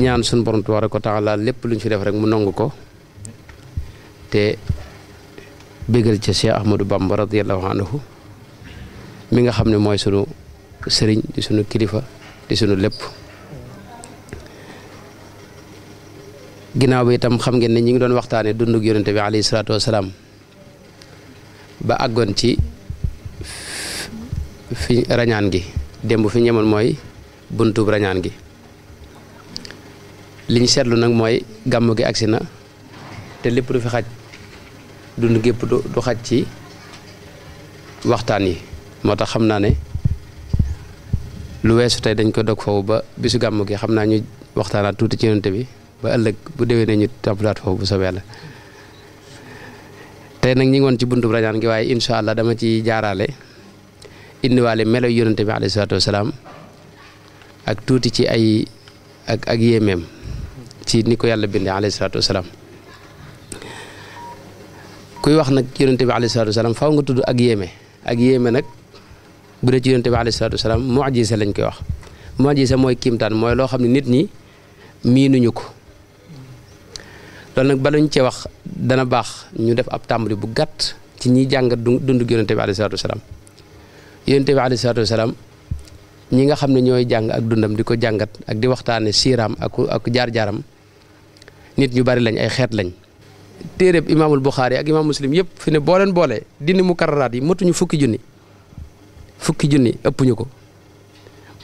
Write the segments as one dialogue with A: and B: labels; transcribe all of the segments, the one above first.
A: ñaan suñu borom tabaaraka wa taala lépp lu ñu fi def rek mu nangu ko te bégal ca Cheikh Ahmadou Bamba radiyallahu anhu mi nga xam ne mooy sunu sëriñ di sunu kilifa di sunu lépp ginnaaw bi itam xam ngeen ne ñi ngi doon waxtaane dundug yonente bi alayhi salaatu wasalaam ba àggoon ci fi rañaan gi démb fi ñemoon mooy buntub rañaan gi li ñu seetlu nag mooy gàmm gi agsi na te lépp du fi xaj dund gépp du xaj ci waxtaan yi moo tax xam naa ne lu weesu tey dañ ko dog foofu ba bisu gàmm gi xam naa ñu waxtaanaat tuuti ci yonent bi ba ëllëg bu dewee déwénee ñu tàmbalaat foofu bu soobee la te nag ñi ngi woon ci buntu rañaan gi waaye incha allah dama ci jaaraale indiwaale melo yonent bi alayhi salaatu wasalaam ak tuuti ci ay ak ak yéemeem ci ni ko yàlla bindee alayhi salaatu wasalaam kuy wax nag yonente bi alayhi salaatu wasalaam nga tudd ak yéeme ak yéeme nag bu dee ci yonente bi alayhi salaatu wasalaam lañ koy wax mujisa mooy kiimtaan mooy loo xam ne nit ñi miinuñu ko loolu nag baluñ ci wax dana baax ñu def ab tàmbali bu gàtt ci ñiy jàngat dundu yonente bi alayhi salaatu wasalaam yonente bi alayhi salaatu ñi nga xam ne ñooy jàng ak dundam di ko jàngat ak di waxtaane siiraam ak ak jaar-jaaram nit ñu bari lañ ay xeet lañ téereb imaamul Buxaari ak imaam muslim yëpp fi ne booleen leen boole dindi mu kararaat yi motuñu fukki junni fukki junni ëpp ñu ko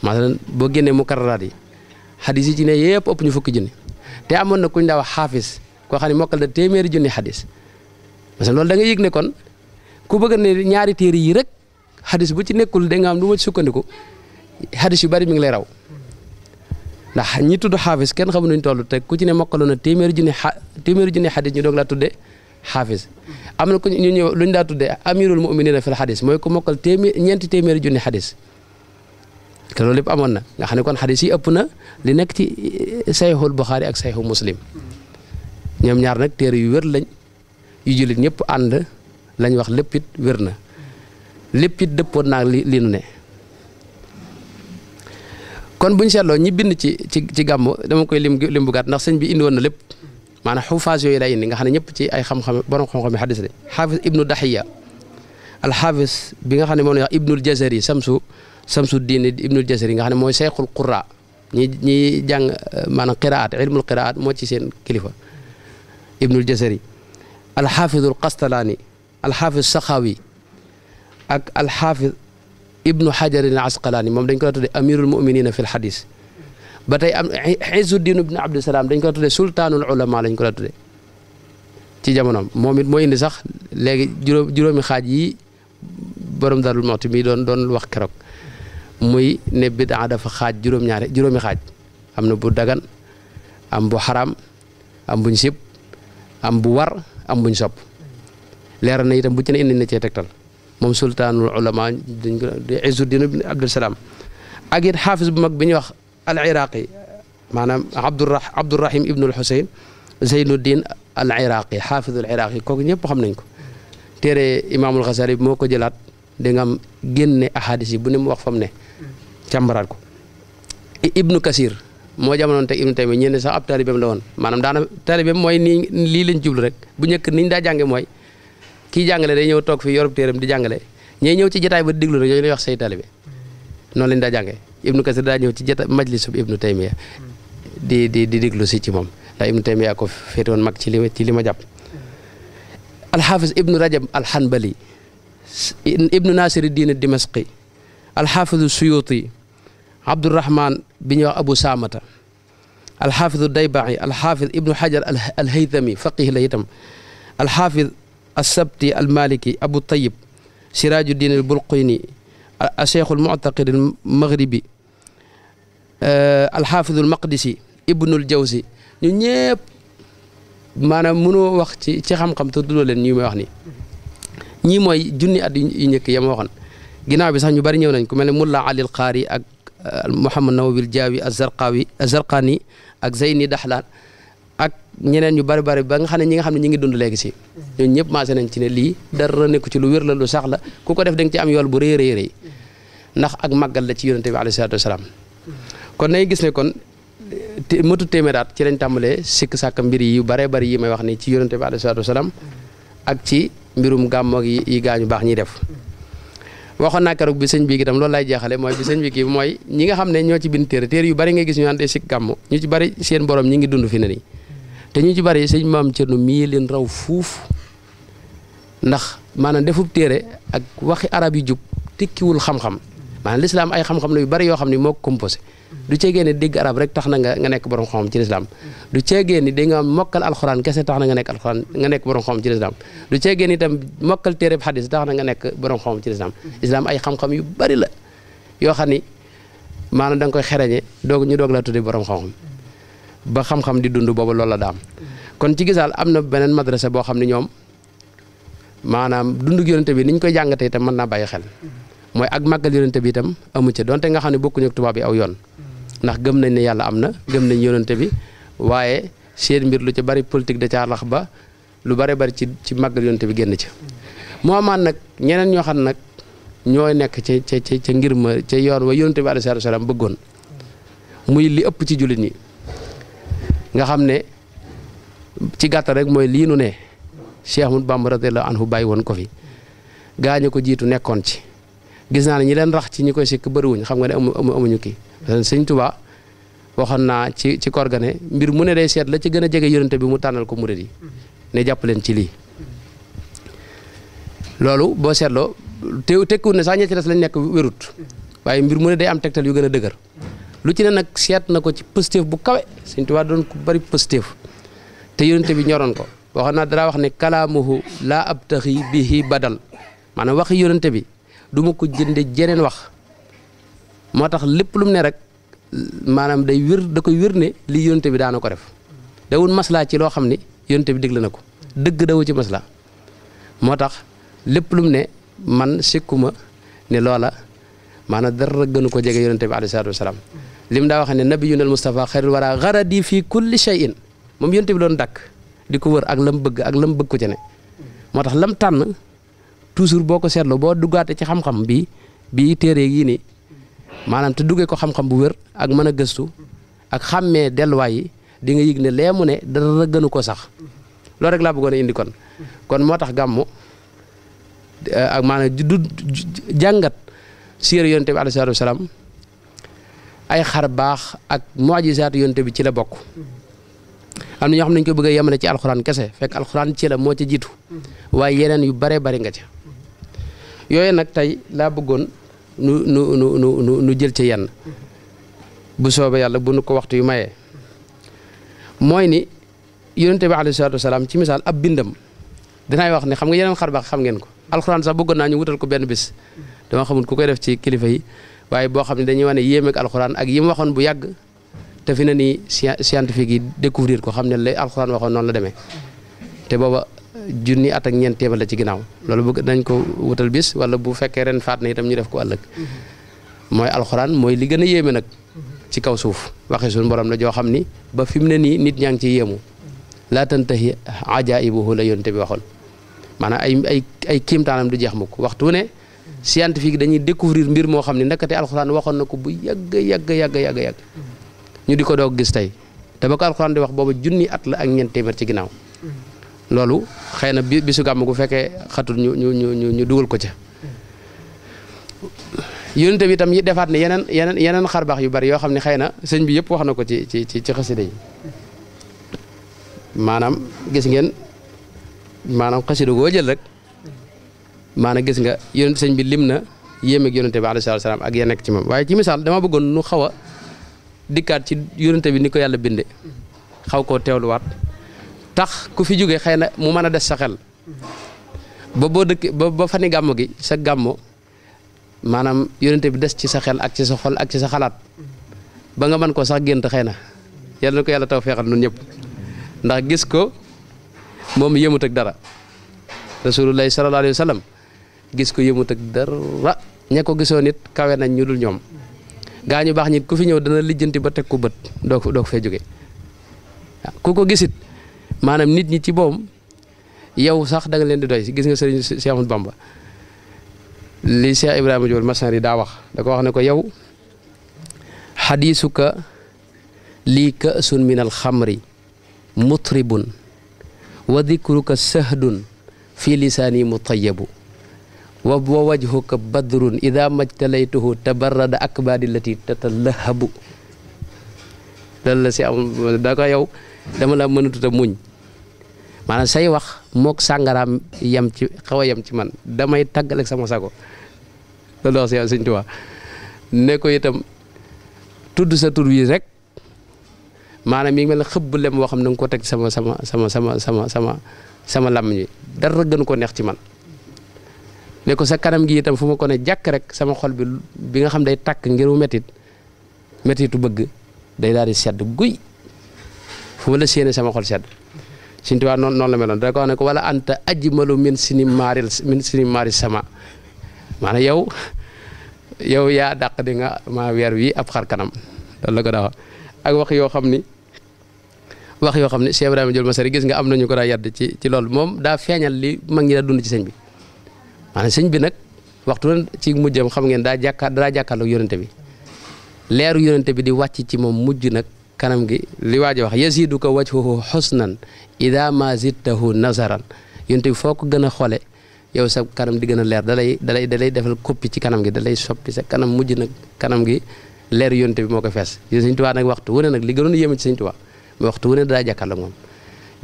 A: maanaam boo génnee mu kararaat yi xadis yi ci ne yëpp ëpp ñu fukki junni te amoon na kuñ daaw wax xaafis koo xam ne mokkal na téeméeri junni xadis parce que loolu da nga yëg ne kon ku bëgg ne ñaari téere yi rek xadis bu ci nekkul danga am lu ma sukkandiku xadis yu bari mu ngi lay raw ndax ñi tudd xaafis kenn xamu nuñ toll te ku ci ne mokkaloon na téeméeri junni xa téeméeri junni xadis ñu doog laa tudde xaafis am na ku ñu ñëw luñ daa tudde amirul muminina fil xadis mooy ku mokkal téeméer ñeenti téeméeri junni xadis te loolu lépp amoon na nga xam ne kon xadis yi ëpp na li nekk ci eh, sayxul buxaari ak sayxu muslim ñoom ñaar nag téere yu wér lañ yu jullit ñëpp ànd lañ wax lépp it wér na lépp it dëppoon naa li li nu ne kon bu ñu seetloo ñi bind ci ci ci gàmmu dama koy lim lim ndax sëñ bi indi woon na lépp maanaam xufaas yooyu daa indi nga xam ne ñëpp ci ay xam-xam borom xam-xam yi xadis la xaafis ibnu daxiya alxaafis bi nga xam ne moom la wax ibnul jazari samsu samsu diine xam ne mooy seexul qura ñi ñi jàng euh, maanaam qiraat ilmul qiraat moo ci seen kilifa ibnul jazari alxaafisul qastalaani alxaafis saxaawi ak alxaafis ibnu hajar al Asqalani, mom dañ ko tuddee amirul Mu'minin fil hadith batay am tey ibn abd Salam, dañ ko tuddee sultanul ulama lañ ko la ci jamono momit moy indi sax léegi juromi xaj yi borom darul moxti mi don don wax keroog muy ne bidaa dafa xaaj juróom-ñaari juróomi xaaj am na bu dagan am bu haram am buñ sip am bu war am buñ sop leral na itam bu ci ne indi na ci tektal moom sultaanul ulama dañ ko Izzuddin ibn Abdul Salaam ak it bu mag bi ñuy wax al iraqi maanaam Abdurra Abdurrahim ibnul Husayn Zeynuddin al iraqi xaafisul iraqi kooku ñëpp xam nañ ko téere imaamul Xasali moo ko jëlaat da am génne ahadis bu ne mu wax fa mu ne càmbaraat ko ibnu Kasir moo jamonoon teg ibnu Taymiya ñenn sax ab taalibeem la woon maanaam daana taalibeem mooy ni lii lañ jublu rek bu njëkk niñ daa jànge mooy kii jàngale day ñëw toog fi yorub téeram di jàngale ñooy ñëw ci jotaay ba diglu na ñooy lay wax say taalibe noonu lañ daa jàngee ibnu kasir daa ñëw ci jotaay majlisub ibnu taymiya di di di diglu si ci moom ndax ibnu taymiya ko féete woon mag ci li ci li ma jàpp alxaafis ibnu rajab alxanbali ibnu nasiri diin dimasqi alxaafisu wax abu saamata alxaafisu daybaxi alxaafis xajar alhaytami faqih la itam alxaafis alsabti almaliki abu tayib siraaju diin al burqini alcheikh almutaqid almaghribi eh, alxaafidu almaqdisi ibnul jawzi ñu ñëpp maanaam mënoo wax ci ci xam-xam te dudoo leen ñi may wax ni ñii mooy junni at yu njëkk ya ma waxoon bi sax ñu bari ñëw nañ ku mel ne mulla ali al qaari ak eh, muhammad nawawi al jaawi al zarqawi al zarqani ak zeyni ak ñeneen ñu bare bari ba nga xam ne ñi nga xam ne ñi ngi dund léegi si ñëpp maase nañ ci ne lii dara nekku ci lu wér la lu sax la ku ko def da nga am yool bu rëy rëy rëy ndax ak màggal la ci yonente bi alayhi salaatu kon nay gis ne kon mëtu téeméeraat ci lañ tàmbalee sikk sàkk mbir yu baree bari yi may wax ni ci yonente bi alayhi salaatu ak ci mbirum gàmmoog yi gaañu baax ñiy def waxoon naa keroog lay jeexale mooy bi sëñ bi kii mooy ñi nga xam ne ñoo ci bind téere téere yu bari nga gis ñu naan day sikk gàmm ñu ci bari seen borom ñu ngi dund fi ne nii te ñu ci bari sëñ maam Thierno mii leen raw fuuf ndax maanaam defub téere ak waxi arab yu jub tekkiwul xam-xam maanaam lislaam ay xam-xam yu bari yoo xam ne moo ko composé du ceegee ne rek tax na nga nga nekk borom xam-xam ci lislaam du ceegee ni da nga mokkal alxuraan kese tax na nga nekk nga nekk borom xam-xam ci lislaam du ceegee ni itam mokkal téereb xadis tax na nga nekk borom xam-xam ci lislaam lislaam ay xam yu bari la yoo xam ni maanaam da nga koy xereñe doog ñu doog laa tudde borom xam-xam ba xam-xam di dund boobu loolu la daam kon ci gisaal am na beneen madrasa boo xam ne ñoom maanaam dundu yonente bi ni ñu koy jàngatee tam mën naa bàyyi xel mooy ak màggal yonente bi itam amu ca donte nga xam ne bokkuñu tubaab yi aw yoon ndax gëm nañ ne yàlla am na gëm nañ yonente bi waaye seen mbir lu ci bari politique da caa lax ba lu bare bari ci ci màggal yonente bi génn ci moo amaan nag ñeneen ñoo xam nag ñoo nekk ca ca ca ngir ma ca yoon wa yonente bi alayhi salaam bëggoon muy li ëpp ci jullit yi nga xam ne ci gàttal rek mooy lii nu ne Cheikh Ahmadou Bamba radiyallahu anhu bàyyi woon ko fi gaañu ko jiitu nekkoon ci gis naa ne ñi leen rax ci ñi koy sikk bariwuñ xam nga ne amu amuñu kii sëñ Tuubaa waxoon naa ci ci koor mbir mu ne day seet la ci gën a jege yonente bi mu tànnal ko mu yi ne jàpp leen ci lii loolu boo seetloo te tekkiwut ne sax ña ci lañ nekk wérut waaye mbir mu ne day am tegtal yu gën a dëgër lu ci ne nag seet na ko ci pësteef bu kawe Sëñ Tuubaa doon ku bari pësteef te yonent bi ñoroon ko waxoon naa dara wax ne kalaamuhu laa ab abtaxi bihi badal maanaam waxi yonent bi duma ko jënde jeneen wax moo tax lépp lu ne rek maanaam day wér da koy wér ne lii yonent bi daana ko def dawul maslaa ci loo xam ne yonent bi digle na ko dëgg dawu ci maslaa moo tax lépp lu ne man sikkuma ne loola maanaam dara gënu ko jege yonent bi alayhi salaatu wasalaam lim daa wax ne nabiyunal Mustafa xayrul wara garadi fii kulli shay'in moom yonte bi doon dakk di ko wër ak lam bëgg ak lam bëgg ko ci ne moo tax lam tànn toujours boo ko seetloo boo duggaate ci xam-xam bi bii téere yii ni maanaam te duggee ko xam-xam bu wér ak mën a gëstu ak xàmmee delluwaay yi di nga yëg ne lee mu ne dara gënu ko sax loolu rek laa bëggoon a indi kon kon moo tax gàmmu ak maanaam du jàngat siira yonte bi alayhi salaatu wasalaam ay xar baax ak mujisaat yoonte bi ci la bokk am na ñoo xam ne ñu ko bëgg a yemale ci alxuraan kese fekk alxuraan ci la moo ci jiitu waaye yeneen yu bare bari nga ca yooyu nag tey laa bëggoon nu nu nu nu nu jël ci yenn bu soobee yàlla bu nu ko waxtu yu mayee mooy ni yonente bi alayhi salaatu ci misaal ab bindam dinaay wax ne xam nga yeneen xar baax xam ngeen ko alxuraan sax bëggoon naa ñu wutal ko benn bis dama xamul ku koy def ci kilifa yi waaye boo xam ne dañuy wane yéem ak alxuraan ak yi waxoon bu yàgg te fi na nii scientifique yi découvrir ko xam ne lay alxuraan waxoon noonu la demee te booba junni at ak ñeent téeméer la ci ginnaaw loolu bëgg nañ ko wutal bis wala bu fekkee ren faat na tam ñu def ko ëllëg mooy alxuraan mooy li gën a yéeme nag ci kaw suuf waxee suñu borom la joo xam ni ba fi mu ne nii nit ñaa ngi ciy yéemu laa tantahi ajaibuhu la yonte bi waxoon maanaam ay ay ay kiimtaanam du jeex mukk waxtu ne scientifique dañuy découvrir mbir moo xam ne ndakate alxuraan waxoon na ko bu yàgg yàgg yàgg yàgg ñu di ko doog gis tey te ba ko alxuraan di wax booba junni at la ak ñeent téeméer ci ginnaaw loolu xëy na bi bisu gàmm gu fekkee xatul ñu ñu ñu ñu dugal ko ca yonent tam yi defaat ne yeneen yeneen yeneen xarbaax yu bari yoo xam ne xëy na sëñ bi yëpp wax na ko ci ci ci xasida yi maanaam gis ngeen maanaam xasida goo jël rek. maanaam gis nga yonent sëñ bi lim na yéem ak yonente bi alayhi ak ya nekk ci moom waaye ci misaal dama bëggoon xaw a ci yonente bi ni ko yàlla binde xaw koo teewluwaat tax ku fi jóge xëy na mu mën a des sa xel ba boo dëkk ba ba fani gàmmu gi sa gàmmu maanaam yonente bi des ci sa xel ak ci sa ak ci sa xalaat ba nga mën koo sax gént xëy na yàlla ko yàlla taw feexal nun ñëpp gis ko moom yëmut ak dara rasulullahi sallallahu alayhi wa gis ko yëmut ak dara ña ko gisoon it kawé nañ ñu dul ñom gañu bax nit ku fi ñew dana lijeenti ba tek ku bët dok dok fe joggé ku ko gisit manam nit ñi ci bom yow sax da nga leen di doy gis nga serigne Cheikh Bamba li Cheikh ibrahim Diol Masari da wax da ko wax ne ko yow hadithuka li ka'sun min khamri mutribun wa dhikruka sahdun fi lisani mutayabu wa wajhuka badrun idha majtalaituhu tabarrada akbadi lati tatallahabu dal la si am da ko yow dama la tuta muñ man say wax mok sangaram yam ci xaw yam ci man damay tagal ak sama sago loolu do si seigne sëñ ne ko itam tudd sa tur wi rek manam mi ngi mel lem wo xam nang ko tek sama sama sama sama sama sama sama làmmiñ wi dara gën ko neex ci man ne ko sa kanam gi itam fuma ko ne jak rek sama xol bi bi nga xam day tak ngir mu metit metitu bëgg day daal di sedd guy fuma la séenee sama xol sedd seigne touba non non la meloon da ko ne ko wala anta ajmalu min sini maril, min sini maris sama mana yow yow ya dak di nga ma wer wi ab xar kanam loolu la ko da ak wax yo xamni wax yo xamni Cheikh ibrahim mom massari gis nga am nañu ko da ci ci mom da feñal li mag ni da dund ci seigne maanaam sëñ bi nag waxtu woon ci mujjam xam ngeen daa jàkkaar daa jàkkaarloog yonente bi leeru yonente bi di wàcc ci moom mujj nag kanam gi li waaj a wax yasiduka wajhuhu xusnan ida ma zittahu nazaran yonente bi foo ko gën a xoole yow sa kanam di gën a leer dalay dalay dalay defal koppi ci kanam gi dalay soppi sa kanam mujj nag kanam gi leer yonte bi moo ko fees sëñ Tuubaa nag waxtu wu ne nag li gënoon yéeme ci sëñ Tuubaa mais waxtu wu ne moom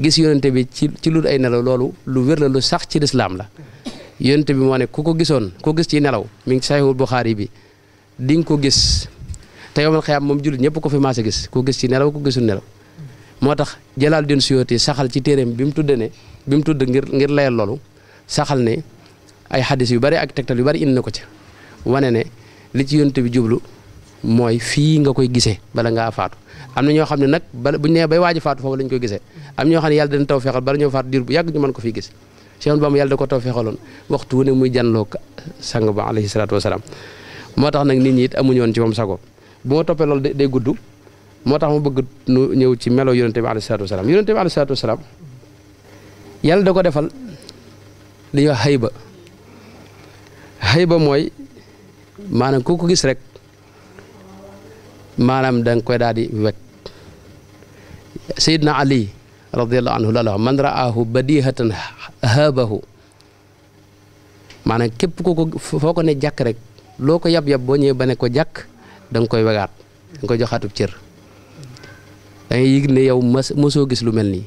A: gis yonente bi ci ci lu ay nelaw loolu lu wér la lu sax ci lislaam la yonent bi moo ne ku ko gisoon ku gis ci nelaw mu ngi ci Saxiixul Buxaari bi di nga ko gis te yowmal moom jullit ñëpp ko fi maase gis ku gis ci nelaw ku gisul nelaw moo tax jëlaal din Suyuuti saxal ci téeréem bi mu tudde ne bi mu tudd ngir ngir layal loolu saxal ne ay xadis yu bari ak tegtal yu bari indi na ko ca wane ne li ci yonent bi jublu mooy fii nga koy gisee bala ngaa faatu am na ñoo xam ne nag bala bu ñu nee bay waaj faatu foofu la ñu koy gisee am ñoo xam ne yàlla dana taw feexal bala ñoo faatu diir bu yàgg ñu mën ko fii gis Cheikh Bamba yàlla da ko tawfeexaloon waxtu wu ne muy janloo sang ba alayhi salaatu wasalaam moo tax nag nit ñi it amuñu ci moom sago bu ma toppee loolu day gudd moo tax mu bëgg nu ñëw ci melo yonente bi alayhi salaatu wasalaam yonente bi alayhi da ko defal li ñuy wax xëy ba xëy ba mooy maanaam ku ko gis rek maanaam da koy daal di wekk Seydina Ali radiyallahu anhu la man raahu badihatan haabahu maanaa képp ko ko foo ko ne jàkk rek loo ko yab-yab boo ñëwee ba ne ko jàkk danga koy wegaat da koy joxaatub cër da ngay yëg ne yow mas mosoo gis lu mel nii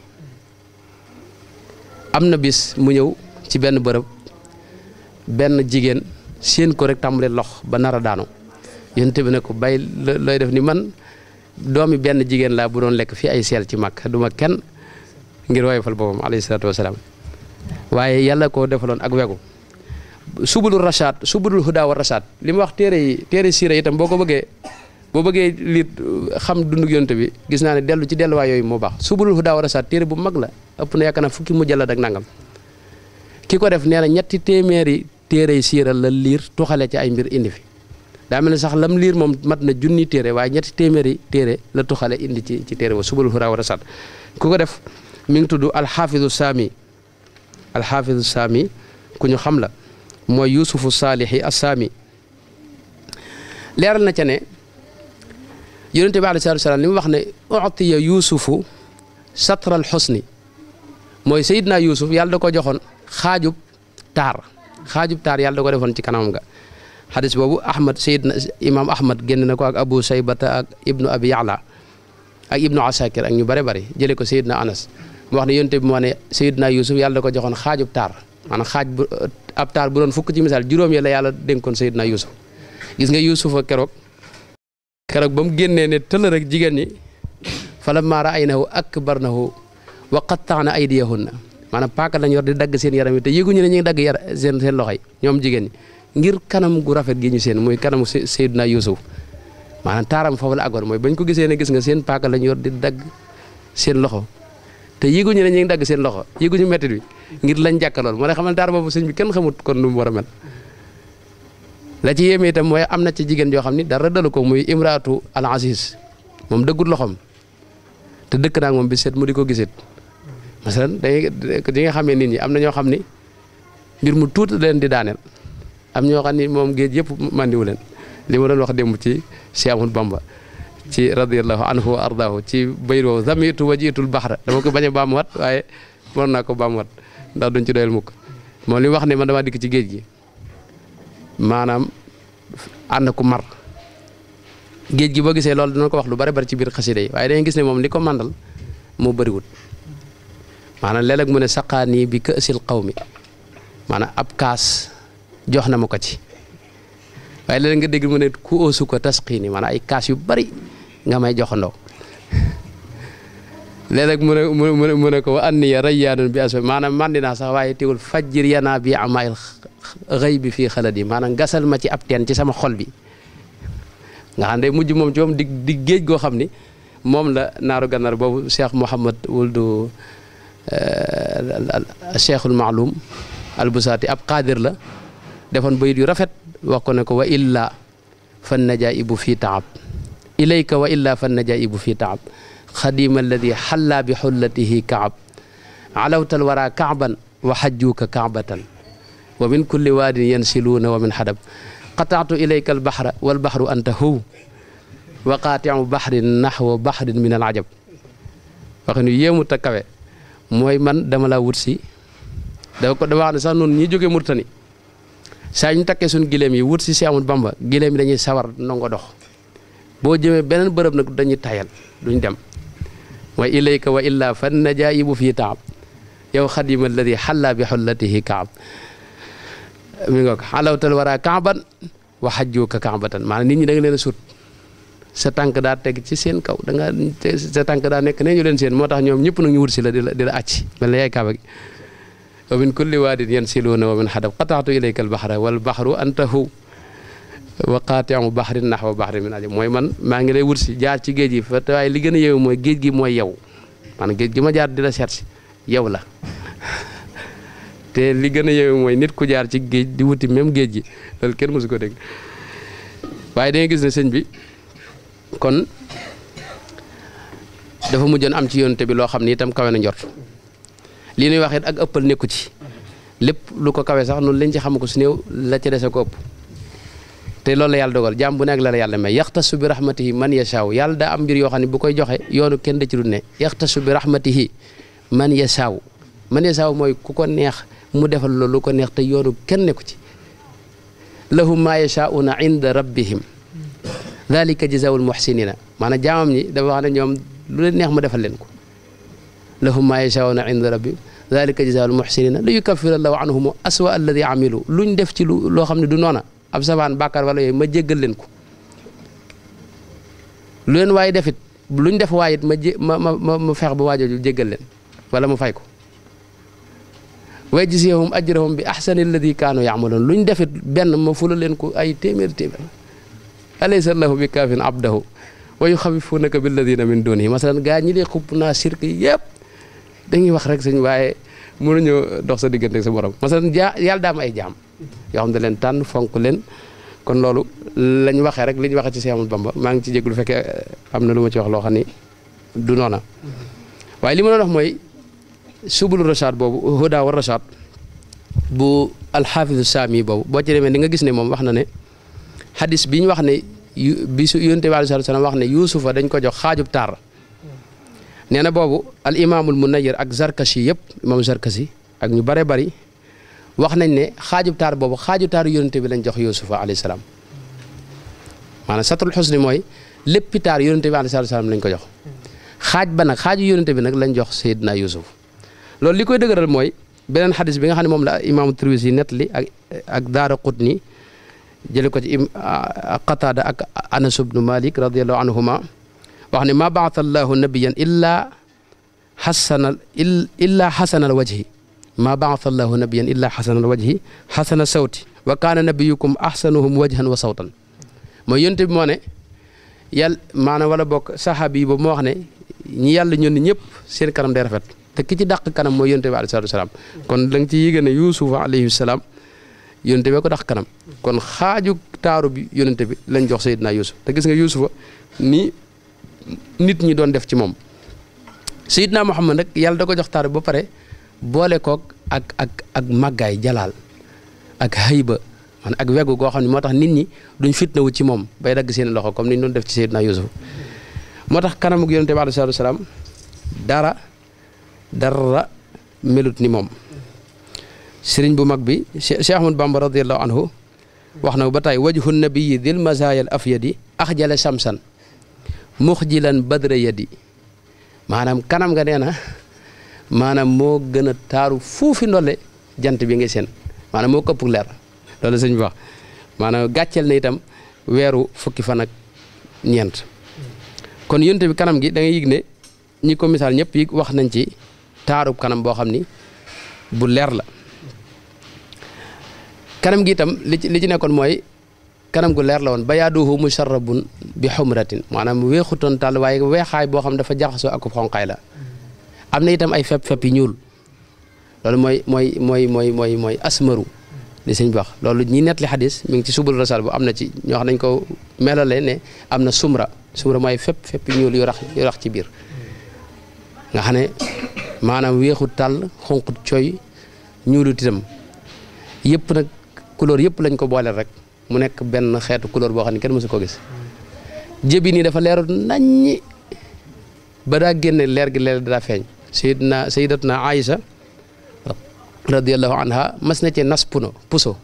A: am na bis mu ñëw ci benn bërëb benn jigéen séen ko rek tàmbale lox ba nar a daanu yonte bi ne ko bay looy def ni man doomi benn jigéen laa bu doon lekk fii ay seel ci mag du ma kenn ngir woyofal boppam alayhi salaatu wasalaam waye yalla ko defalon ak wego subulur rashad subulul huda wa rashad lim wax tere yi téere siira itam boko ko bo boo lit xam dunduk yonte bi gis na ne delu ci delluwaay yooyu mo bax subulul huda wa rashad tere bu mag la ëpp ne yakana naa fukki mujjallad ak nangam kiko def neena ñetti téeméeri téere sire la liir tuxale ci ay mbir indi fi da mel sax lam liir mom mat na junni tere way ñetti téeméeri tere la tuxale indi ci ci wa subulul hudaa wa rachaat def ming tuddu al alxaafidu sami alxaafizu saami ku ñu xam la mooy yuusufu saalixi assaami leeral na ca ne yonente bi aleyhi salaatu wa salaam li wax ne utiya yuusufu satral xusni mooy sayidna yuusuf yàlla da ko joxoon xaajub taar xaajub taar yàlla da ko defoon ci kanamam ga xadis boobu ahmad sayidna imaam ahmad génn na ko ak abu saybata ak ibnu abi ak ibnu asakir ak ñu bare bare jële ko sayidna anas mu wax ne yonte bi mu moo ne Seydina Yuusuf yàlla ko joxoon xaajub taar maanaam xaaj bu euh, ab taar bu doon fukk ci misaal juróom ya la yàlla dénkoon Seydina Yuusuf gis nga Yuusufa keroog keroog ba mu génnee ne tëll rek jigéen ñi na ak falammaa ra'aynahu akbarnahu wa qatta'na aydiyahunna maanaa paaka lañ yor di dagg seen yaram yi te yëguñu ne ñu ngi dagg yar seen seen loxo yi ñoom jigéen ñi ngir kanam gu rafet gi ñu seen muy kanamu Seydina Yuusuf maanaam taaram foofu la àggoon mooy bañ ko gisee ne gis nga seen paaka lañ yor di dagg loxo te yegu ne ñu ngi dag seen loxo ñu metti bi ngir lañ jakkalol mo ne xamal daara bobu señ bi kenn xamut kon lu mu mel la ci yeme tam moy am na ci jigen joo xamni dara dalu ko muy al aziz mom dëggut loxom te dekk naa mom bi set mu diko ko gisit masalan day di nga xamé nit ñi am na xamni mbir mu tuuti leen di daaneel am ño xamni mom moom yep mandi wu leen li mo doon wax dem ci Cheikh amadou Bamba ci radiyallahu anhu ardahu ci bayro zamitu wajitul bahr dama ko bañ bam wat waye mën naa bam wat ndax duñ ci doyal mukk mo li wax ni man dama dik ci géej gi maanaam ànd mar géej gi boo gisee loolu dina ko wax lu bari bari ci bir khassida yi waaye gis ni mom liko mandal mo bari wut manam lelek mu bi ka'sil qawmi manam ab kaas ci waaye léeg nga dégg mu ne ku oosu ko tasqiini maanaam ay kaas yu bari nga may joxandoo léeg-léeg mu ne mu ne mu ne ko wa anniya rayyaanun bi asfa maanaam màndi sax waaye teewul fajjir yanaa bi amaayil xëy bi fii xalaat yi maanaam gasal ma ci ab teen ci sama xol bi nga xam ne mujj moom ci moom di géej goo xam ni moom la naaru gànnaar boobu cheikh Mouhamad wuldu eh, cheikhul maalum albusaati ab qaadir la defon bayit yu rafet wako ne ko wa illa fan najaibu fi ta'ab ilayka wa illa fan najaibu fi ta'ab khadim alladhi halla bi hullatihi ka'ab علوت الورى كعبا وحجوك كعبة ومن كل واد ينسلون ومن حدب قطعت إليك البحر والبحر أنت هو وقاطع بحر نحو بحر من العجب فكن يوم تكوي موي من دملا ورسي دا كو دا وانا سانون ني جوغي مرتني saa ñu takkee suñu gileem yi wut si si amul bamba gileem yi dañuy sawar nongo dox boo jëmee beneen bërëb nag dañuy tayal duñ dem wa ilayka wa illaa fan najaayibu fii taab yow xadima alladi xalla bi xullatihi kaab mi nga ko xalawtal wara kaaban wa xajjuka kaabatan maanaam nit ñi da nga leen a sut sa tànk daa teg ci seen kaw da nga sa tànk daa nekk ne ñu leen seen moo tax ñoom ñëpp nag ñu wut si la di la di mel na yaay kaaba gi wa min kulli waadin yansiluuna wa min xadab qataxtu ilayka albaxra wal baxru antahu wa qaatiamu baxrin naxwa baxrin min ajab mooy man maa ngi lay wut si jaar ci géej gi fa te li gën a yeewu mooy géej gi mooy yow géej gi ma jaar di la seet yow la te li gën a yeewu mooy nit ku jaar ci géej di wuti même géej gi loolu kenn mosu ko dégg waaye dangay gis ne sëñ bi kon dafa mujjoon am ci yoonte bi loo xam ni itam kawe na njort lii nuy waxee ak ëppal nekku ci lépp lu ko kawee sax noonu lañ ci xam ko su néew la ca dese ko ëpp te loolu la yàlla dogal jàmm bu nekk la la yàlla may yaxtasu bi rahmatihi man yashaaw yàlla daa am mbir yoo xam ne bu koy joxe yoonu kenn da ci dul ne yaxtasu bi rahmatihi man yashaaw man yashaaw mooy ku ko neex mu defal loolu lu ko neex te yoonu kenn nekku ci lahum maa yashaa'uuna inda rabbihim dalika jazaa'ul muhsinina maanaam jaamam ñi dafa wax ne ñoom lu leen neex mu defal leen ko لهم ما يشاءون عند ربي ذلك جزاء المحسنين ليكفر الله عنهم اسوا الذي عملوا لون ديف تي لو خامني دو نونا اب سبان بكر ولا ما جيغل لنكو لون واي ديفيت لون ديف وايت ما ما ما فخ بو واجو جيغل لن ولا ما فايكو ويجزيهم اجرهم باحسن الذي كانوا يعملون لون ديفيت بن ما فولن لنكو اي تيمير تيمير اليس الله بكاف عبده ويخففونك بالذين من دونه مثلا غاني لي خبنا شرك ييب dañuy wax rek sëñ waaye mënuñu dox sa diggante sa borom parce que ja yàlla daa am ay jaam yoo xam ne leen tànn fonk leen kon loolu lañ waxee rek li ñu waxee ci seemul Amadou Bamba maa ngi ci jéglu fekkee eh, am na lu ma ci wax loo xam ni du noona waaye li ma doon wax mooy subulu rashad boobu huda wa rashad bu alxaafisu saami boobu boo ci demee ni nga gis ne moom wax na ne xadis bi ñu wax ne bi su yonte bi alayhi salaam wax ne yuusufa dañ ko jox xaajub taar nee na boobu al imaamul munayir ak zarkashi yëpp imam zarkashi ak ñu bare bari wax nañ ne xaajub taar boobu xaaju taaru yonente bi lañ jox yusufa alayhi salaam maanaam satrul xusni mooy léppi taar yonente bi alayhi salaam lañ ko jox xaaj ba nag xaaju yonente bi nag lañ jox sayidna yusuf loolu li koy dëgëral mooy beneen xadis bi nga xam ne moom la imaamu Tirmisi nettali ak ak daara qutni jële ko ci qataada ak anas ibnu malik radiallahu anhuma wax ne ma baata allahu nabiyan illa xasana illa xasana alwajhi ma baata allahu nabiyan illa xasana alwajhi xasana sawti wa kaana nabiyukum axsanuhum wajhan wa sawtan mooy yonte bi moo ne yàlla maanaam wala bokk saxaabi yi boobu moo wax ne ñi yàlla ñun ñëpp seen kanam day rafet te ki ci dàq kanam mooy yonte bi alayhi salaatu wasalaam kon da nga ci yéege ne yuusuf alayhi salaam yonente bee ko dax kanam kon xaaju taaru bi yonente bi lañ jox Seydina Yuusuf te gis nga Yuusufa ni nit ñi doon def ci moom Seydina Muhammad nag yàlla da ko jox taar ba pare boole kook ak ak ak jalaal ak hayba man ak wegu goo xam ne moo tax nit ñi duñ fitnawu ci moom bay dagg seen loxo comme ni doon def ci Seydina Yuusuf moo tax kanamuk yonente bi alayhi salaam dara dara melut ni moom sëriñ bu mag bi Cheikh Ahmad Bamba radiallahu anhu wax na ba tey wajhu nabiyi dil mazaayal afyadi axjale samsan muxjilan badra yadi maanaam kanam nga nee na maanaam moo gën a taaru fuufi ndolle jant bi nga seen maanaam moo këpp leer loolu sëñ bi maanaam gàcceel na itam weeru fukki fan ak ñeent kon yonte bi kanam gi da ngay ne ñi ko misaal ñëpp yi wax nañ ci taaru kanam boo xam ni bu leer la kanam gi itam li ci li ci mooy kanam gu leer la woon bayaaduhu musharrabun bi xumratin maanaam weexutoon tàll waaye weexaay boo xam dafa jaxasoo ak xonqaay la am na itam ay fepp-fepp yi ñuul loolu mooy mooy mooy mooy mooy mooy asmaru li sëñ bi wax loolu ñi nett li xadis ngi ci subul rasal bu am na ci ñoo xam nañ ko melale ne am na sumra sumra mooy fépp fépp ñuul yu rax yu rax ci biir xam ne maanaam weexu tàll xonqut cooy ñuulu titam yëpp nag couleur yëpp lañ ko booleel rek mu nekk benn xeetu couleur boo xam ne kenn mësu ko gis jébi nii dafa leerut naññi ba daa génne leer gi leer daa feeñ na sayidna naa aïsa radiallahu anha mas na ci nas puno puso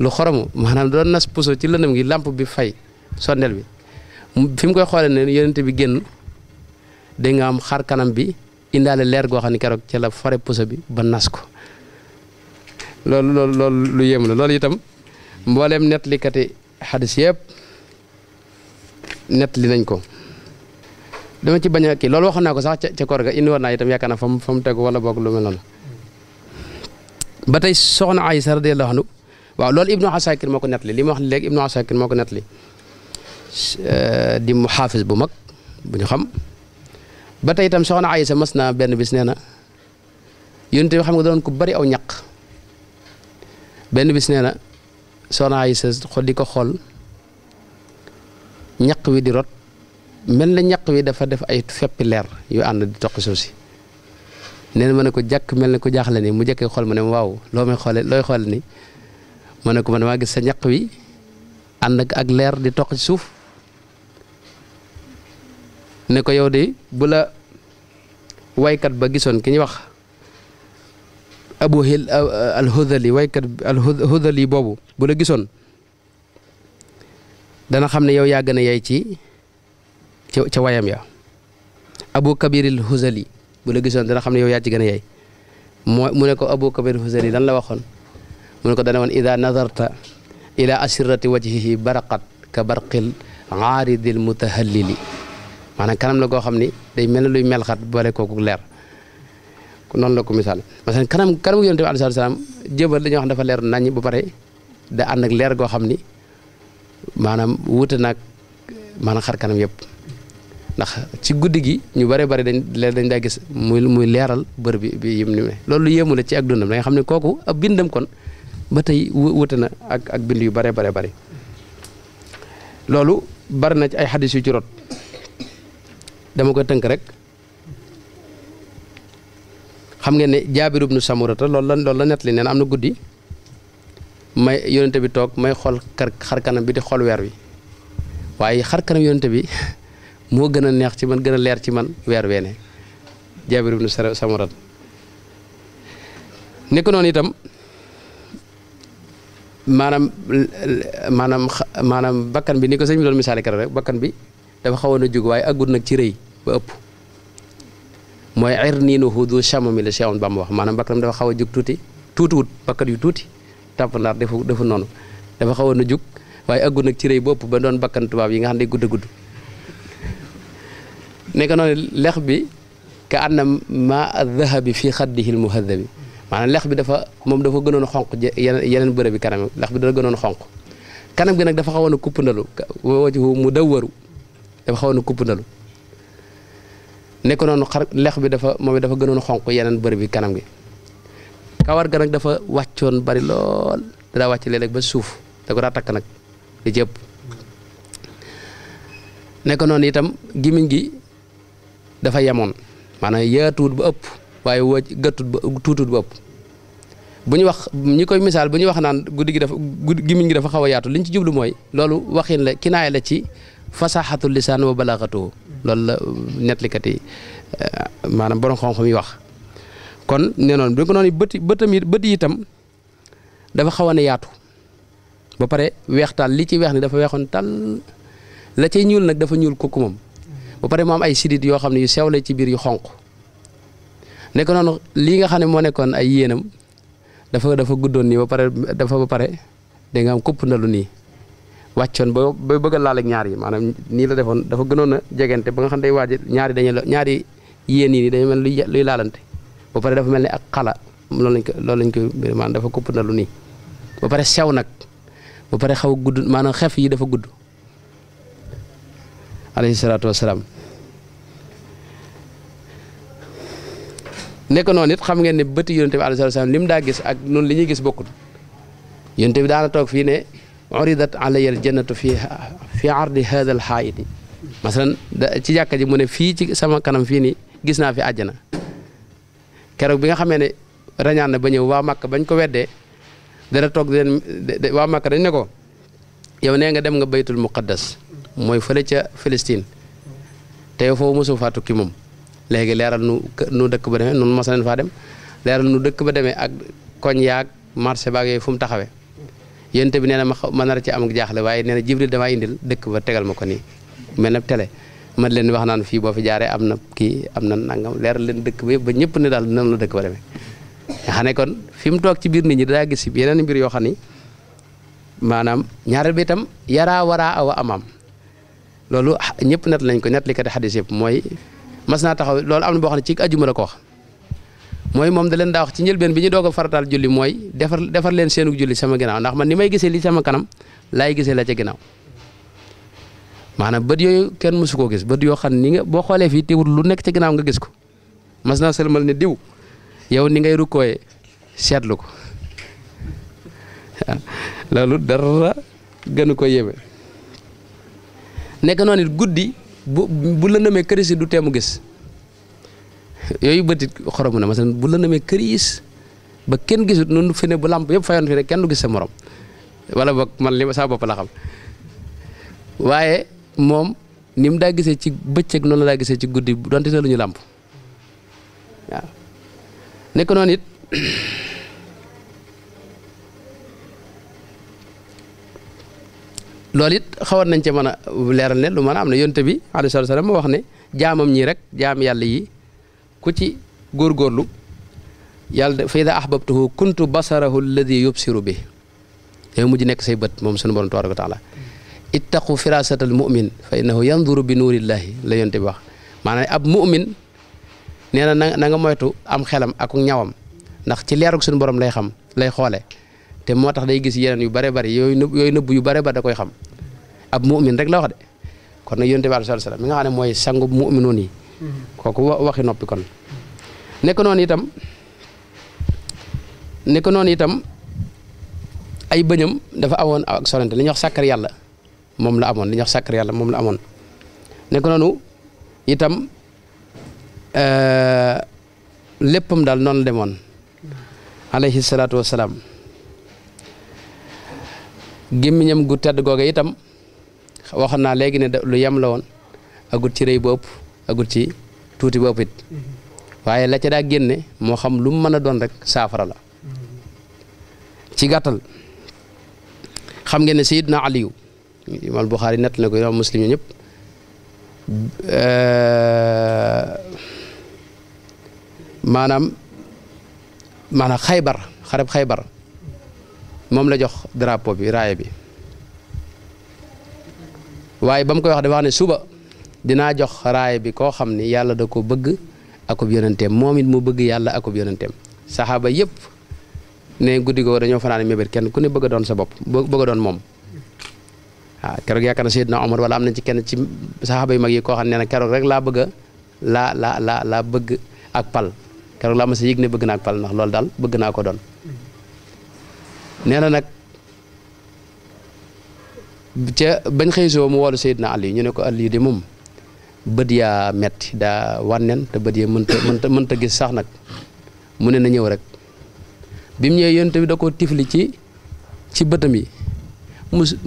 A: lu xoromu maanaam doon nas puso ci lëndëm gi làmp bi fay sondel bi fi mu koy xoolee ne yonente bi génn da nga am xar kanam bi indaale leer goo xam ne keroog ca la fore puso bi ba nas ko loolu loolu loolu lu yéem la loolu itam mbooleem mboolem nettalikati xadis yëpp nettali nañ ko dama ci bañ a kii loolu waxoon naa ko sax ca ca koor ga indi woon naa itam yaakaar naa fa mu fa mu tegu wala boog lu mel noonu ba tey soxna Aysa radiyallahu anhu waaw loolu Ibnu Asakir moo ko nettali li ma wax léegi Ibnu Asakir moo ko nettali di mu xaafis bu mag bu ñu xam ba tey itam soxna Aysa mas naa benn bis nee na yonent xam nga doon ku bari aw ñaq benn bis nee soxna Aysa di ko xool ñaq wi di rot mel na ñaq wi dafa def ay feppi leer yu ànd di toq suuf si neen na ma ne ko jàkk mel na ko jaaxle ni mu jëkkee xool ma ne waaw loo may xoole looy xoole ni ma ne ko man maa gis sa ñaq wi ànd ak leer di toq ci suuf ne ko yow de bu la waykat ba gisoon ki ñu wax abu hil uh, uh, alhudali waykat boobu bu la gisoon dana xam ne yow yaa gën a yay ci ca wayam ya abu kabiril huzali bu gisoon dana xam ne yow yaa ci gën a moo mu ne ko abu kabiril huzali lan la waxoon mu ne ko dana woon ida nazarta ila asirati wajhihi baraqat ka barqil aaridil mutahallili maanaam kanam la goo xam ni day mel ne luy melxat boole kooku leer noonu la ko misaal masalan kanam kanamu yonent bi alayhi salaam jébal dañuy wax dafa leer nañ ba bare da ànd ak leer goo xam ni maanaam wuute nag maanaam xar kanam yëpp ndax ci guddi gi ñu bare bari dañ dañ daa gis muy muy leeral bër bi bi loolu yéemu la ci ak dundam da xam ne kooku ab bindam kon ba tey wute na ak ak bind yu bare bare bari loolu bari na ci ay xadis yu ci dama koy tënk rek xam ngeen ne jaabir ibnu samurata loolu la loolu la nettali nee am na guddi may yonente bi toog may xool xar kanam bi di xool weer wi waaye xar kanam yonente bi moo gën a neex ci man gën a leer ci man weer weene jaabir ibnu samurata nekk noonu itam maanaam maanaam maanaam bakkan bi ni ko sëñ bi doon misaale keroog rek bakkan bi dafa xawoon a jóg waaye aggut nag ci rëy ba ëpp mooy ir niinu hudu chamami la Cheikh mu wax maanaam bakkanam dafa xaw a jug tuuti tuutiwut bakkat yu tuuti tàmp ndaar defu defu noonu dafa xawoon a jug waaye aggu nag ci rëy bopp ba doon bakkan tubaab yi nga xam ne gudd a gudd nekk noonu lex bi ka ànd na ma dahabi fii xaddihi l muhadabi maanaam lex bi dafa moom dafa gënoon xonq yeneen yeneen bërëb bi kanam lex bi dafa gënoon xonq kanam gi nag dafa xawoon a kuppandalu mu dawwaru dafa xawoon a kuppandalu nekk noonu xar lex bi dafa moom it dafa gënoon xonq yeneen bërëb bi kanam gi kawar ga dafa wàccoon bari lool daa wàcc léeg-léeg ba suuf da ko daa takk nag di jëpp nekk noonu itam gimiñ gi dafa yemoon maanaam yaatuut ba ëpp waaye wëcc gëttut ba tuutut ba ëpp bu ñu wax ñi koy misaal bu ñu wax naan guddi gi dafa guddi gimiñ gi dafa xaw yaatu li ñu ci jublu mooy loolu waxin la kinaay la ci fasaxatul lisaan wa balaxatoo lool la nettalikat yi euh, maanaam borom xonq xam yi wax kon nee noonu bi ko noonu bëti bëtam bët yi itam dafa xaw a yaatu ba pare weex taal li ci weex ni dafa weexoon tal la cay ñuul nag dafa ñuul kooku moom ba pare mu am ay sidit yoo xam ne yu sew la ci biir yu xonq nekk noonu lii nga xam ne moo nekkoon ay yéenam dafa dafa guddoon nii ba pare dafa ba pare da nga am kupp ndalu nii wàccoon ba ba bëgg a laal ak ñaar yi maanaam nii la defoon dafa gënoon a jegante ba nga xam day waaj ñaari ñaari yéen yi dañu mel luy luy laalante ba pare dafa mel ni ak xala loolu lañ ko loolu lañ ko maanaam dafa kupp na lu nii ba pare sew nag ba pare xaw a gudd maanaam xef yi dafa gudd alayhi salaatu wasalaam nekk noonu it xam ngeen ne bëti yoonte bi alayhi salaatu wasalaam li daa gis ak noonu li ñuy gis bokkul yonente bi daana toog fii ne uridat alayya al jannatu fi fi ardi hada al xaayiti masalan ci jàkka ji mu ne fii ci sama kanam fii nii gis naa fi àjjana keroog bi nga xamee ne rañaan na ba ñëw waa Màkka bañ ko weddee dana toog di leen waa Màkka dañ ne ko yow nee nga dem nga baytul muqaddas mooy fële ca Palestine te yow mosu faa tukki moom léegi leeral nu dëkk ba demee nun mos faa dem leeral nu dëkk ba demee ak koñ yaag marché baag yooyu fu mu yonte bi nee na ma ma nar ci am ak jaaxle waaye nee na jibril damaa indil dëkk ba tegal ma ko nii mel na télé man leen wax naan fii boo fi jaaree am na kii am na nangam leeral leen dëkk ba yëpp ba ñëpp ne daal noonu la dëkk ba demee nga ne kon fi mu toog ci biir nit ñi daa gis yeneen mbir yoo xam ni maanaam ñaareel bi itam yaraa waraa awa ñëpp net lañ ko net li kat xadis yëpp mooy mas naa taxaw loolu am na boo xam ne ci ajuma la ko wax mooy moom da leen daa wax ci njëlbeen bi ñu doog ko farataal julli mooy defar defar leen seenug julli sama ginnaaw ndax man ni may gisee li sama kanam laay gisee la ca ginnaaw maanaam bët yooyu kenn mësu koo gis bët yoo xam ni nga boo xoolee fii lu nekk ca ginnaaw nga gis ko mas naa sëlmal ne diw yow ni ngay rukkooyee seetlu ko loolu dara gënu ko yéeme nekk noonu guddi bu bu lëndamee këris du teemu gis yooyu bëtit xoromu na masalan bu lëndamee këriis ba kenn gisut noonu fi ne bu làmp yëpp fayoon fi ne kenn du wala boog man li saa bopp la moom ni daa gisee ci bëccëg noonu la daa gisee ci guddi donte te lu ñu làmp waaw nekk noonu it loolu it xawoon nañ ci mën a leeral ne lu mën a am ne yonte bi alayhi salaam moo wax ne jaamam ñii rek jaam yàlla yi ku ci góorgóorlu yàlla fa ida ahbabtuhu kuntu basarahu alladi yubsiru bi yow mujj nekk say bët moom sunu borom tabaraka wa taala ittaqu firasata al mumin fa innahu yanduru bi la yonte bi wax maanaam ab mumin nee na na moytu am xelam ak ñawam ndax ci leerug sunu borom lay xam lay xoole te moo tax day gis yeneen yu bare bari yooyu nëbb yooyu nëbb yu bare ba da koy xam ab mumin rek la wax de kon nag yonte bi alayhi salaam mi nga xam ne mooy sangu muminoon yi kooku waxi noppi kon nekk noonu itam nekk noonu itam ay bëñam dafa awoon ak sorante li ñuy wax sàkkar yàlla moom la amoon li ñuy wax sàkkar yàlla moom la amoon nekk noonu itam euh, léppam daal noonu la demoon alayhi salaatu gémmiñam gu tedd googe itam waxoon naa léegi ne lu yem la woon agut ci rëy bu agut ci tuuti ba ëppit waaye la ca daa génne moo xam lu mu mën a doon rek saafara la ci gàttal xam ngeen ne sayidna aliyu imaam Buxaari nett na ko muslim yi euh, maanaam maanaam xaybar xareb xaybar moom la jox drapo bi raaya bi waaye ba mu koy wax dafa wax suba dina jox raay bi ko xamni ni da ko bëgg akub yonenteem yonentem momit mu bëgg ak akub yonentem sahaba yëpp ne guddigo dañu fanaal mebeer kenn ku ne bëgg doon sa bop bëgg doon mom waaw keroog yaakaar na sayyidna umar wala amna ci kenn ci sahaba yu mag yi ko xamni na keroog rek la bëgg la la la la bëgg ak pal keroog la ma sa yegne bëgg na ak pal nak lool dal bëgg na ko doon neena nak ci bañ xëy mu woolu sayyidna ali ñu ne ko ali de mom bëdia met metti wanen wànneen te bët mënta mënta mënta gis sax nak mu ne na ñëw rek bimu mu ñëwee bi da ko tifli ci ci bëtam yi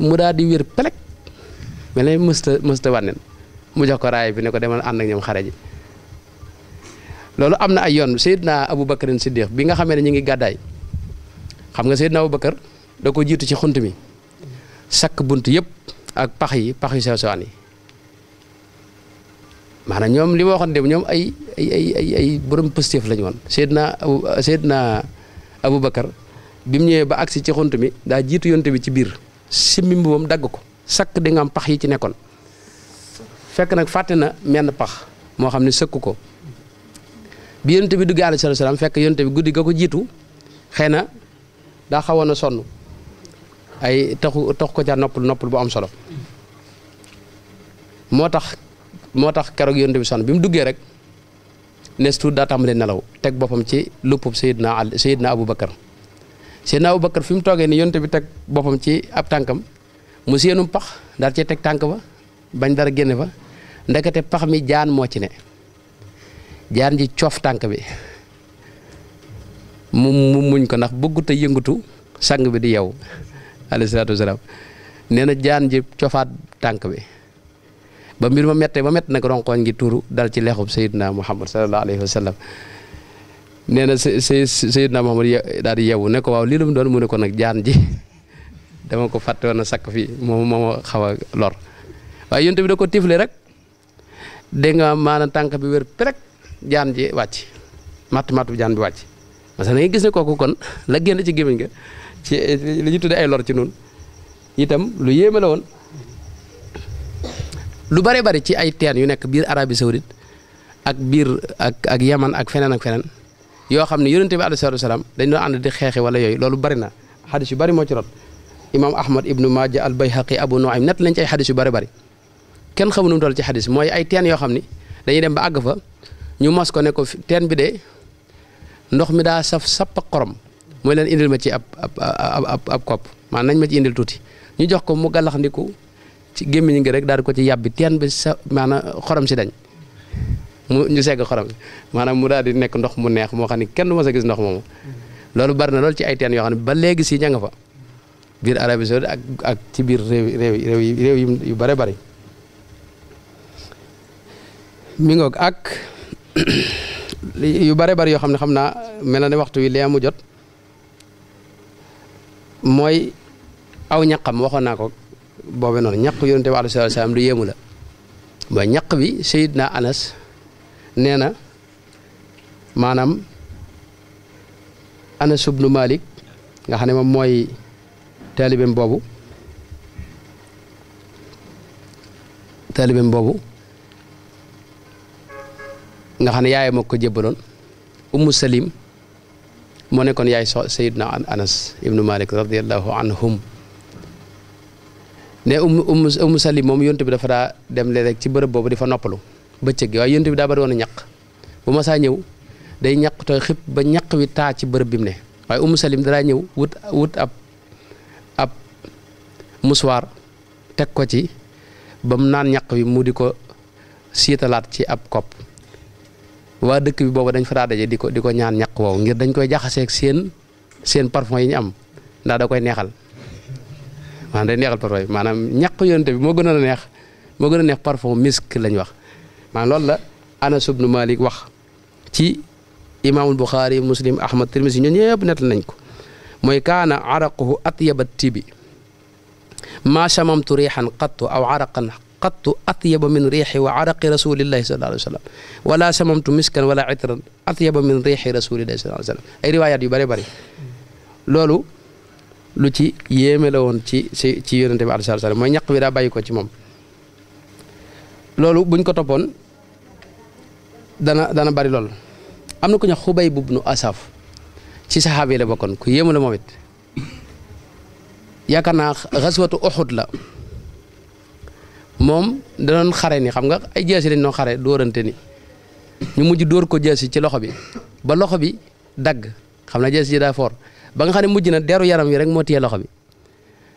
A: mu da di wër pelek melé musta musta wanen mu jox ko raay bi ne ko demal and ak ñam xare ji loolu am na ay yoon abou Aboubacarin Siddiq bi nga xamé ni ngi gaday xam nga abou Aboubacar da ko jiitu ci xuntu mi sak buntu ak pax yi pax yu sew mana nyom li ma waxoon dem ai ay ay ay ay ay borom positif lañu woon sedna Abu Bakar bim bi ba aksi ci xunt mi da jiitu yonte bi ci biir simmi mbubbam dagg ko sakk di nga am pax yi ci nekkoon fekk nag fàtte na menn pax moo xam bi yonte bi duggee alayhi salaam fekk yonte bi guddi ga jitu jiitu na daa sonu ai ay taxu tax ko ja napul noppal bu am solo motax moo tax keroog yonent bi son bi mu duggee rek nees tuut daa tàmbali nelaw teg boppam ci luppub Seydina Ali Seydina Aboubacar Seydina Aboubacar fi mu toogee ni yonent bi teg boppam ci ab tànkam mu seenu pax daal cee teg tànk ba bañ dara génne fa ndekete pax mi jaan moo ci ne jaan coof tànk bi mu ko ndax bëggut a yëngatu sang bi di yow alayhi salaatu wasalaam nee na jaan ji cofaat tànk bi ba mbir ma mettee ba mett nag ronkooñ ngi tuuru dal ci leexub sayidna muhammad sallallahu alayhi wa sallam nee na sayidna muhammad daal di yewu ne waaw lii lu mu doon mu ne ko nag jaan ji dama ko fàtte woon sakk fi moom mooma xaw a lor waaye yonte bi da ko tifle rek dégg maana maanaam tànk bi wér rek jaan ji wàcc matt matt bi jaan bi wàcc parce que da ngay gis ne kooku kon la génn ci gémmiñ ga ci li ñu tuddee ay lor ci noonu itam lu yéeme la woon lu bare bari ci ay teen yu nekk biir Arabie Saoudite ak biir ak ak Yaman ak feneen ak feneen yoo xam ne yonente bi alayhi salaatu wasalaam dañ doon ànd di xeexi wala yooyu loolu bari na xadis yu bari moo ci rot imaam Ahmad ibnu Maaja al Bayhaqi Abu Nuaym nett lañ ay xadis yu bari bari kenn xamu nu mu ci xadis mooy ay teen yoo xam ni dañuy dem ba àgg fa ñu mas ko ne ko teen bi de ndox mi daa saf sapp xorom mooy leen indil ma ci ab ab ab kopp maanaam nañ ma ci indil tuuti ñu jox ko mu gàllaxndiku ci gémmiñ gi rek daal ko ci yàbbi teen ba sa maanaam xorom si dañ mu ñu segg xorom si maanaam mu daal di nekk ndox mu neex moo xam ne kenn mos a gis ndox moomu loolu bari na loolu ci ay teen yoo xam ne ba léegi si ña nga fa biir Arabie Saoudite ak ak ci biir réew réew réew yi réew yu bare bari mi ngoog ak yu bare bari yoo xam ne xam naa mel na ne waxtu wi lee mu mooy aw ñaqam waxoon naa ko boobe noonu ñaq yonente bi alayhi lu yéemu la mooy ñaq bi Seydina Anas nee na maanaam Anas ibnu Malik nga xam ne moom mooy taalibeem boobu taalibeem boobu nga xam ne yaay ma ko jébbaloon Ummu Salim moo nekkoon yaay so Seydina Anas ibnu Malik radiallahu anhum ne um um umu salim mom yonte bi dafa dem le rek ci bobu di noppalu bëccëg gi waaye yonte bi da bari wona ñak bu ma sa ñew day ñak toy xep ba ñak wi ta ci bi ne way umu salim dara ñew wut wut ab ab muswar tek ko ci bam naan ñak wi mu di sietalat ci ab kop, wa dekk bi bobu dañ fa daa diko diko ko ñaan ñak woowu ngir dañ koy ak seen seen parfum yi ñu am da koy neexal maanaam day neexal parfum bi maanaam ñàq yonte bi moo gën a neex moo gën a neex parfum misk lañ wax maanaam loolu la Anas ibnu Malik wax ci imaamul Buxaari Muslim Ahmad Tirmisi ñoo ñëpp nettal nañ ko mooy kaana araquhu atyaba tibi maa chamamtu riixan qattu aw araqan qattu atyaba min riixi wa araqi rasulillahi sallallahu alayhi wa sallam wala chamamtu miskan wala itran atyaba min riixi rasulillahi sallallahu alayhi wa sallam ay riwaayaat yu bëri bëri loolu lu ci yéeme la woon ci si ci yonente bi alayhi salaam mooy ñaq bi daa ko ci moom loolu buñ ko toppoon dana dana bari lool am na ku ñu xubay nu asaf ci saxaaba yi la bokkoon ku yéemu la moom it yaakaar naa xaswatu uxud la moom danoon xare ni xam nga ay jaasi lañ noo xare dóorante ni ñu mujj dóor ko jaasi ci loxo bi ba loxo bi dagg xam na jaasi ji daa foor ba nga xam ne mujj na deru yaram wi rek moo téye loxo bi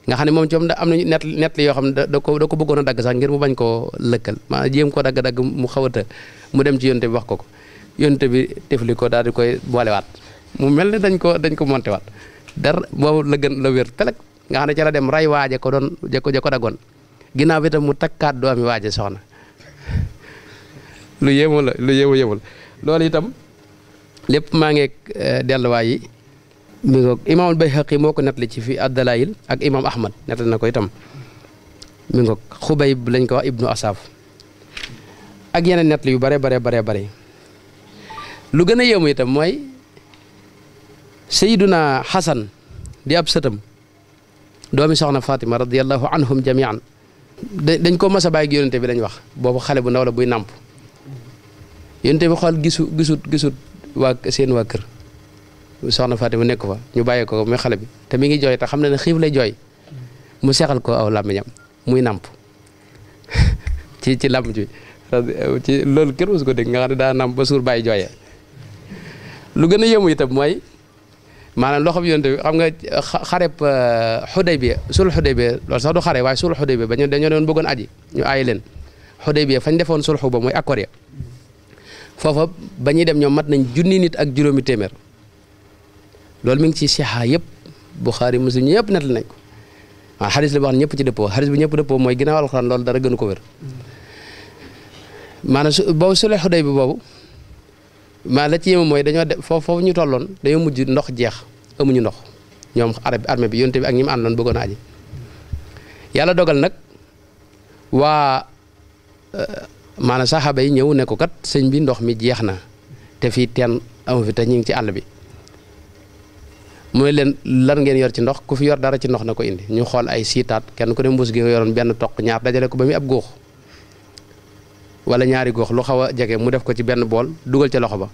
A: nga xam ne moom ci moom am na net net yoo xam ne da ko da ko bëggoon a dagg sax ngir mu bañ koo lëkkal maanaam jéem ko dagg-dagg mu xaw a të mu dem ci yonte bi wax ko ko yonte bi tefli daal di koy boolewaat mu mel ne dañ ko dañ ko monte waat dara boobu la gën la wér pelek nga xam ne ca la dem ray waaje ko doon ja ko ko daggoon ginnaaw bi tam mu takkaat doomi waaje soxna lu yéemu la lu yéemu yéemu la loolu itam lépp maa ngeeg eh, delluwaay yi mi ngoog imaamul Bayhaqi moo ko nettali ci fi Ad-Dalaa'il ak imaam Ahmad nettali na ko itam mi ngoog Xubayb lañ ko wax Ibnu Asaaf ak yeneen nettali yu bare bare bare bare lu gën a yéemu itam mooy Sayyiduna Xasan di ab sëtam doomi soxna Fatima radiyallahu anhum jamian dañ ko mas a bàyyi yonente bi dañ wax boobu xale bu ndaw la buy nàmp yonente bi xool gisu gisut gisut waa seen waa kër soxna faa Fatima nekk fa ñu bàyyee ko muy xale bi te mi ngi jooy te xam na ne xiif lay jooy mu seexal ko làmmiñam muy nàmp ci ci làmp ci ci loolu nga xam ne daa namp ba suur bàyyi jooyee lu gën a yëmu itam mooy maanaam loxo bi yonent bi xam nga xareb euh, Xudaybiya sul Xudaybiya loolu sax du xare waaye sul Xudaybiya ba ñu dañoo doon bëggoon aji ñu aayi leen Xudaybiya fañ defoon sulxu ba mooy accord ya foofa ba ñuy dem ñoom mat nañ junni nit ak juróomi téeméer loolu mi ngi ci sixa yëpp Buxaari Muslim ñëpp net nañ waa waaw la boo xam ñëpp ci dëppoo xadis bi ñëpp dëppoo mooy ginnaaw alxuraan loolu dara gënu ko wér maanaam su boobu sulh Xudaybiya bi boobu maanaam la ci yéeme mooy dañoo def foofu ñu tolloon dañoo mujj ndox jeex amuñu ndox ñoom arab armée bi yonte bi ak ñi mu àndoon bëggoon a aji yàlla dogal nag waa euh, maanaam saxaaba yi ñëw ne ko kat sëñ bi ndox mi jeex na te fii teen amu fi te ñu ngi ci àll bi mu ne leen lan ngeen yor ci ndox ku fi yor dara ci ndox na ko indi ñu xool ay siitaat kenn ku ne mbuus gi yoroon benn toq ñaar dajale ko ba muy ab góox wala ñaari góox lu xaw jege mu def ko ci benn bool dugal ca loxo ba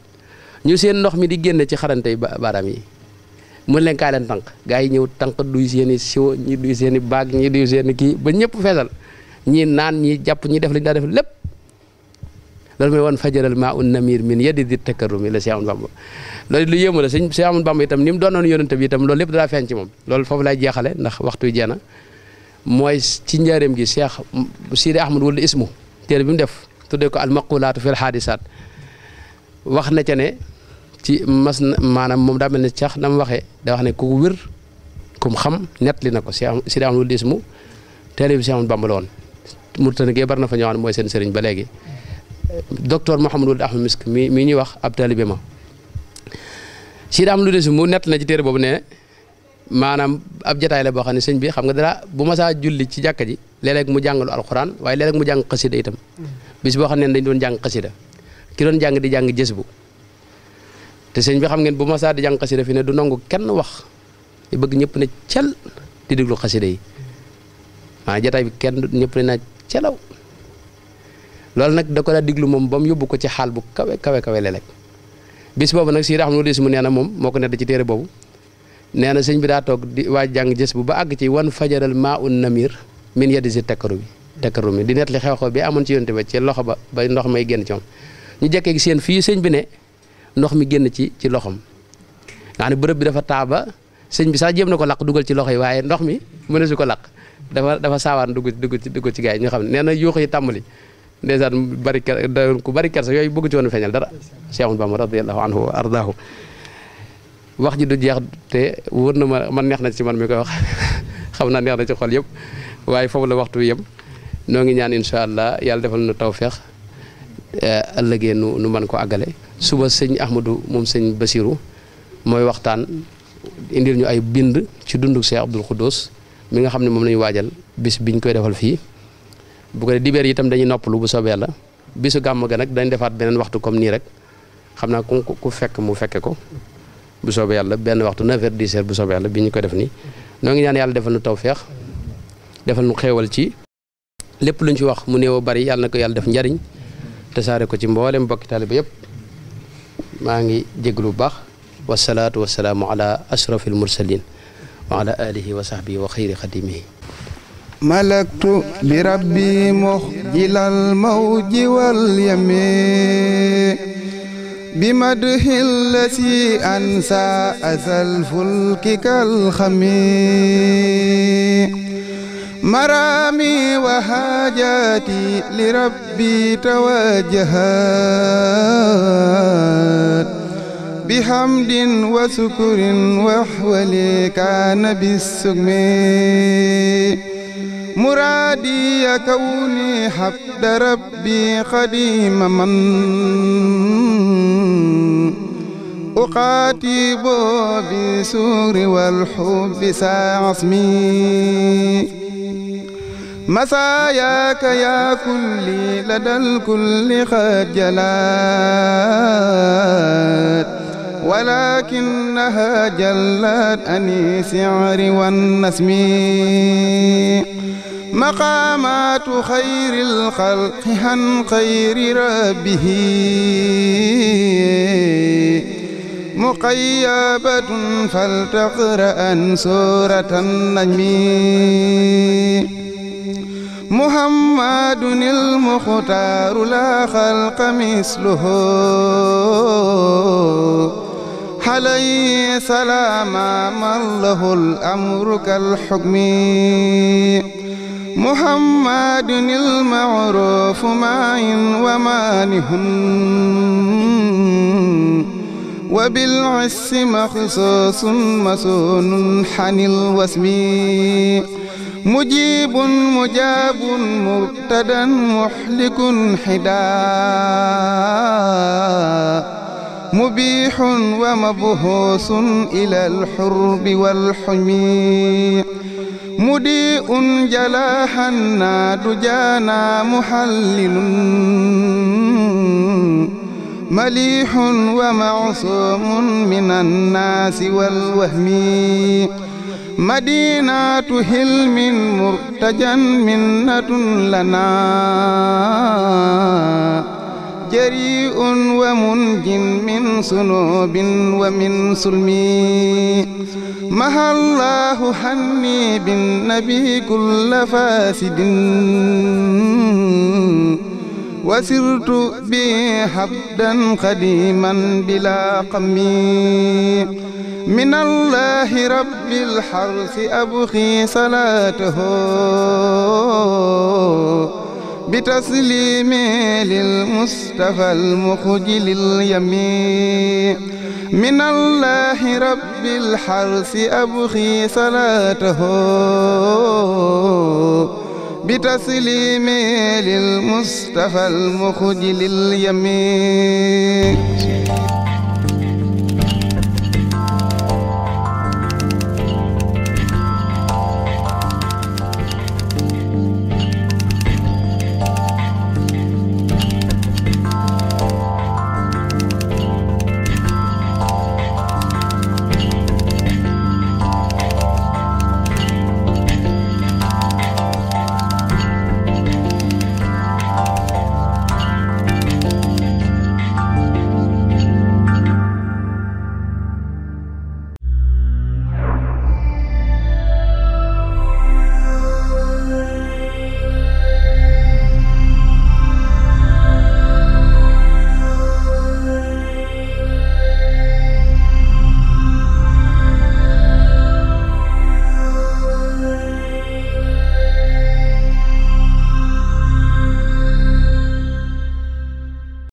A: ñu seen ndox mi di génne ci xarante yi baaraam yi mu leen kaa leen tanq gaa yi ñëw tànk duy seen i ñi duy seen i baag ñi duy seen kii ba ñëpp feesal ñii naan ñi jàpp ñi def lañu daa def lépp loolu mooy wan fajaral maa un namir min yadi di takarrumi la Cheikh Amadou Bamba loolu lu yéemu la sëñ Cheikh Amadou Bamba itam ni mu doonoon yonent bi itam loolu lépp dalaa feeñ ci moom loolu foofu laay jeexale ndax waxtu jeex na mooy ci njaareem gi Cheikh Sidi Ahmad wala ismu téere bi mu def tuddee ko almaqulaatu fil xaadisaat wax na ca ne ci mas maanaam moom daa mel ne sax na mu waxee da ne ku wér ku mu xam nettali na ko Cheikh Sidi Ahmad wala ismu téere bi Cheikh Amadou Bamba la woon Mauritanie gee bari na fa mooy seen sëriñ ba léegi docteur Mouhamadul Ahmad Misk mi mi ñuy wax ab taalibe ma si am lu des mu nett na ci téere boobu ne maanaam ab jataay la boo xam ne sëñ bi xam nga dara bu ma julli ci jàkka ji léeg-léeg mu jàngalu alxuraan waaye léeg-léeg mu jàng xasida itam bis boo xam ne dañ doon jàng xasida ki doon jàng di jàng jës te sëñ bi xam ngeen bu ma di jàng xasida fi ne du nangu kenn wax di bëgg ñëpp ne cel di déglu xasida yi maanaam jataay bi kenn ñëpp ne na celaw loolu nak da ko daa diglu mom bam yobbu ko ci xal bu kawe kawe lelek bis bobu nak si raxam lu mu neena mom moko moo ci téré bobu neena señ bi da tok di wa jang jess bu ba ag ci wan fajaral ma'un namir min yadi si bi takkaru mi di nettali xew-xew bi amon ci yonte ba ci loxo ba ba ndox may genn ci mom ñu jekkee ci seen fi señ bi ne ndox mi genn ci ci loxom nga bërepp bi dafa taaba señ bi sa jëm na ko laq duggal ci loxo yi ndox mi mëna su ko laq dafa dafa sawar duggu duggu ci duggu ci gaay ñu xam neena yu xey dèjà barikar ku bari sa yooyu bëgg ci woon feeñal dara Cheikhul Bamba radiallahu anhu ardaahu wax ji du jeex te wóor na ma man neex na ci man mi koy wax xam naa neex na ci xol yëpp waaye foofu la waxtu yëpp noo ngi ñaan incha allah yàlla defal nu tawféex e, ëllëgee nu nu man ko àggale suba sëñ Ahmadou moom sëñ Basiru mooy waxtaan indil ñu ay bind ci dunduk Cheikh abdul Khoudous mi nga xam ne moom la ñu waajal bis biñ koy defal fii bu ko dee dibeer itam dañuy noppalu bu soobee yàlla su gàmm ga nag dañ defaat beneen waxtu comme nii rek xam naa ko ku fekk mu fekke ko bu soobee yàlla benn waxtu 9 heures 10 heures bu soobee yàlla bi ñu ko def nii noo ngi ñaan yàlla defal nu tawféex defal nu xéewal ci lépp lu ñu ci wax mu néew bari yàlla na ko yàlla def njariñ te saare ko ci mboolem bokki ba yépp maa ngi jéglu bu baax wasalaatu wasalaamu ala ashrafil mursalin wa ala alihi wa sahbihi wa xayri xadimihi
B: ملكت بربي مخجل الموج واليم بمدح الذي أنسى أثى الفلك كالخمي مرامي وحاجاتي لربي توجهات بحمد وسكر وحولي كان بالسجم مرادي كوني حفد ربي قديم من أقاتب بالسور والحب ساعصمي مساياك يا كلي لدى الكل خجلات ولكنها جلات أنيس عر والنسم مقامات خير الخلق عن خير ربه مقيبة فلتقرأ سورة النجم محمد المختار لا خلق مثله عليه سلاما من له الأمر كالحكم محمد المعروف معين ومانه وبالعس مخصوص مسون حن الوسم مجيب مجاب مبتدا محلك حدا مبيح ومبهوس إلى الحرب والحمي مديء جلاها حناد جانا محلل مليح ومعصوم من الناس والوهم مدينة هلم مرتجا منة لنا جريء ومنج من صنوب ومن سلمي مها الله حني بالنبي كل فاسد وسرت به حبدا قديما بلا قمي من الله رب الحرث أبخي صلاته بتسليم للمصطفى المخجل اليمين من الله رب الحرس أبخي صلاته بتسليم للمصطفى المخجل اليمين